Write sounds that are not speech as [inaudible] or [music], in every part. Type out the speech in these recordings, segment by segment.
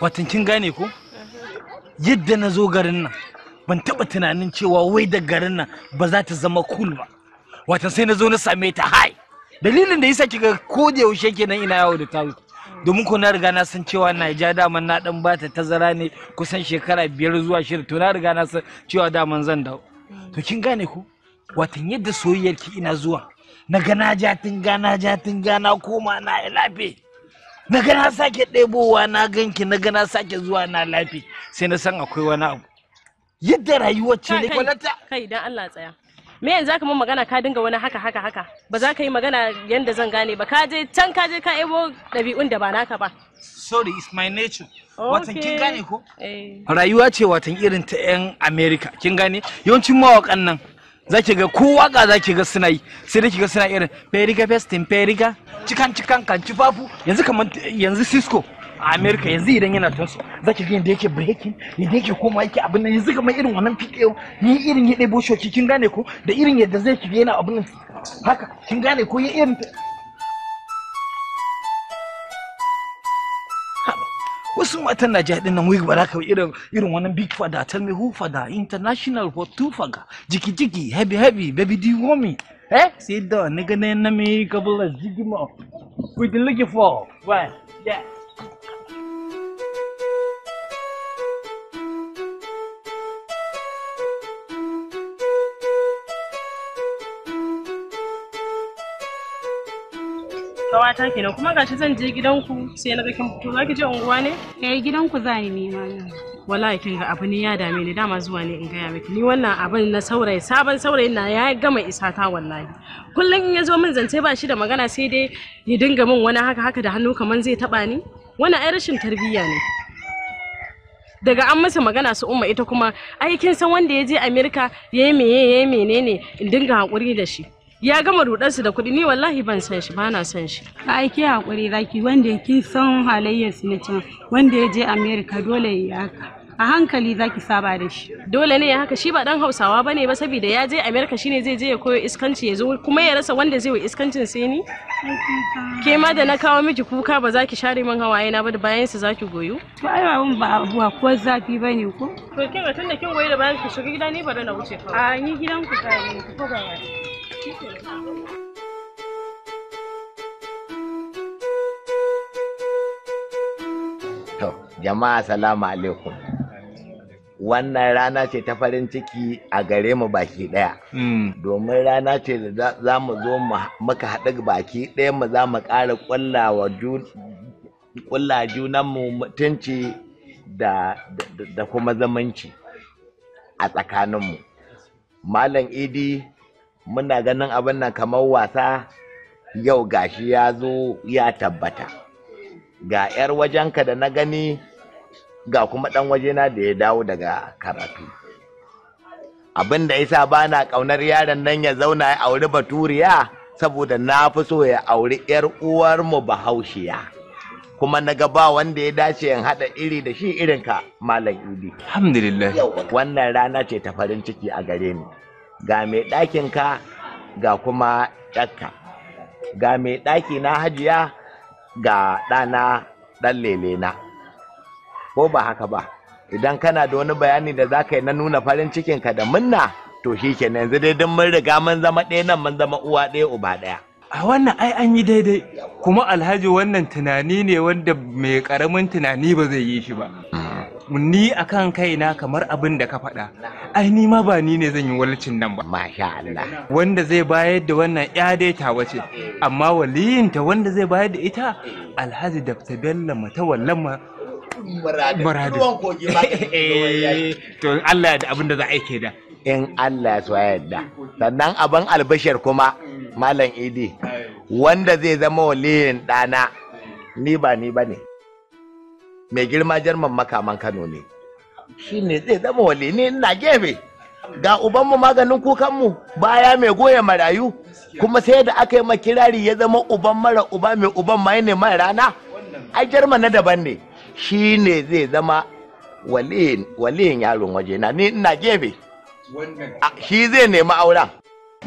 watan kin gane ko yadda na zo garin nan ban taba tunanin cewa wai da garin nan ba za ta zama cool ba watan sai na zo na same ta hai dalilin da yasa kika ko da yaushe kenan ina yawo da tawo domin ko na riga na san cewa Naija daman na dan bata tazara ne kusan shekara biyar zuwa shida to na riga na san cewa daman zan dawo to kin gane ko watan yadda soyayyar ki ina zuwa na ga na ja ga na ja ga na koma na ilafe na ga na sake ɗebowa na ganki na ga na sake zuwa na lafi sai na san akwai wani abu yadda rayuwar ce ne kwalata kai dan Allah tsaya me yanzu zaka mun magana ka dinga wani haka haka haka ba za ka yi magana yanda zan gane ba ka je can ka je ka ebo ɗabi'un da ba naka ba sorry it's my nature watan kin gane ko eh. rayuwa ce watan irin ta yan America kin gane yawancin mawakan nan zaki ga ko waka zaki ga suna yi sai dai ki ga suna irin periga festin periga cikan cikan kan cifafu yanzu kamar yanzu cisco a america yanzu idan yana tunsu zaki ga yadda yake breaking yadda yake koma yake abin nan yanzu kamar irin wannan fikewa ni irin ya ɗebo shoki kin gane ko da irin yadda zai ki yana abin nan haka kin gane ko ya irin wasu matan Najeriya din nan wai ba za ka irin irin wannan big father tell me who father international for two faga jiki jiki heavy heavy baby do you want me eh sit down nigga na me couple of mo we you looking for why yeah Kawata kenan kuma gashi zan je gidanku sai na ga kin fito zaki je unguwa ne? Eh gidanku za ni ne ma Wallahi kin ga abu ne ya dame ni dama zuwa ne in gaya miki ni wannan abin na saurayi sabon saurayin na ya gama isa ta wallahi. Kullum in ya zo min zance ba shi da magana sai dai ya dinga min wani haka haka da hannu kaman zai taba ni. wani ai rashin tarbiyya ne. daga an masa magana su umma ita kuma ai kin san wanda ya je Amerika yayi meye yayi menene in dinga hakuri da shi ya gama rudarsu da kuɗi ni wallahi ban san shi ba na san shi ai ke hakuri zaki wanda kin san halayyar su na can wanda ya je america dole ya haka a hankali zaki saba da shi dole ne ya haka shi ba dan hausawa bane ba saboda ya je america shine zai je ya koyo iskanci ya zo kuma ya rasa wanda zai yi iskancin sai ni ke ma da na kawo miki kuka ba za ki share min hawaye na ba da bayan su zaki goyo to ai ba mun ba abuwa ko zafi bane ko to kin ga tunda kin goyi da bayan ki shiga gida ni ba da na wuce fa a ni gidan ku ta ne ko ba To, jama'a salamu alaikum. Wannan rana ce ta farin ciki a gare mu baki ɗaya. Hmm. Domin rana ce da za mu zo muka haɗu baki ɗaya mu za mu ƙara ƙulla junanmu mutunci da kuma zamanci a tsakaninmu. Malam Idi muna ganin abin nan kamar wasa yau gashi ya zo ya tabbata ga 'yar wajenka da na gani ga kuma ɗan wajena da ya dawo daga karatu abin da yasa ba na ƙaunar yaron nan ya zauna ya auri baturiya saboda na fi so ya auri 'yar uwarmu bahaushiya kuma na ga ba wanda ya dace in haɗa iri da shi irinka malam idi alhamdulillah wannan rana ce ta farin ciki a gare ni ga mai ɗakinka ga kuma ɗakka ga mai ɗaki na hajiya ga ɗana ɗan lelena ko ba haka ba idan kana da wani bayani da za ka yi na nuna farin cikinka da munna to shi ke yanzu dai don mun riga mun zama ɗaya nan mun zama uwa ɗaya uba ɗaya a wannan ai an yi daidai kuma alhaji wannan tunani ne wanda mai karamin tunani ba zai yi shi ba hmm. ni a kan kaina kamar abin da ka faɗa ai ni ma ba ni ne zan yi walcin nan ba masha Allah wanda zai bayar da wannan ya dai tawa ce amma waliyinta wanda zai bayar da ita alhaji dafta bella mata wallama maradu [laughs] eh, to Allah da abin da za a yi da in Allah ya so yadda sannan abin albashar kuma malam idi wanda zai zama waliyin ɗana ni ba ni ba ne mai girma jarman makaman kano ne shi ne zai zama wali ne na gefe ga ubanmu maganin kukanmu baya mai goya marayu kuma sai da aka yi makirari ya zama uban mara uba mai uban mai ne mai rana ai jarma na daban ne shi ne zai zama waliyin yaron waje na ni ina gefe shi zai nemi auren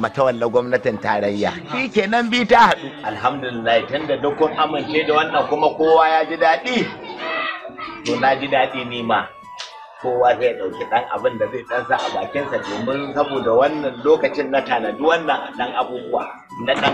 matawalla gwamnatin tarayya shi kenan bi ta haɗu alhamdulillah tunda dukkan amince da wannan kuma kowa ya ji daɗi to na ji daɗi ni ma kowa zai ɗauki ɗan abin da zai ɗansa a bakinsa domin saboda wannan lokacin na tanadi wannan ɗan abubuwa na ɗan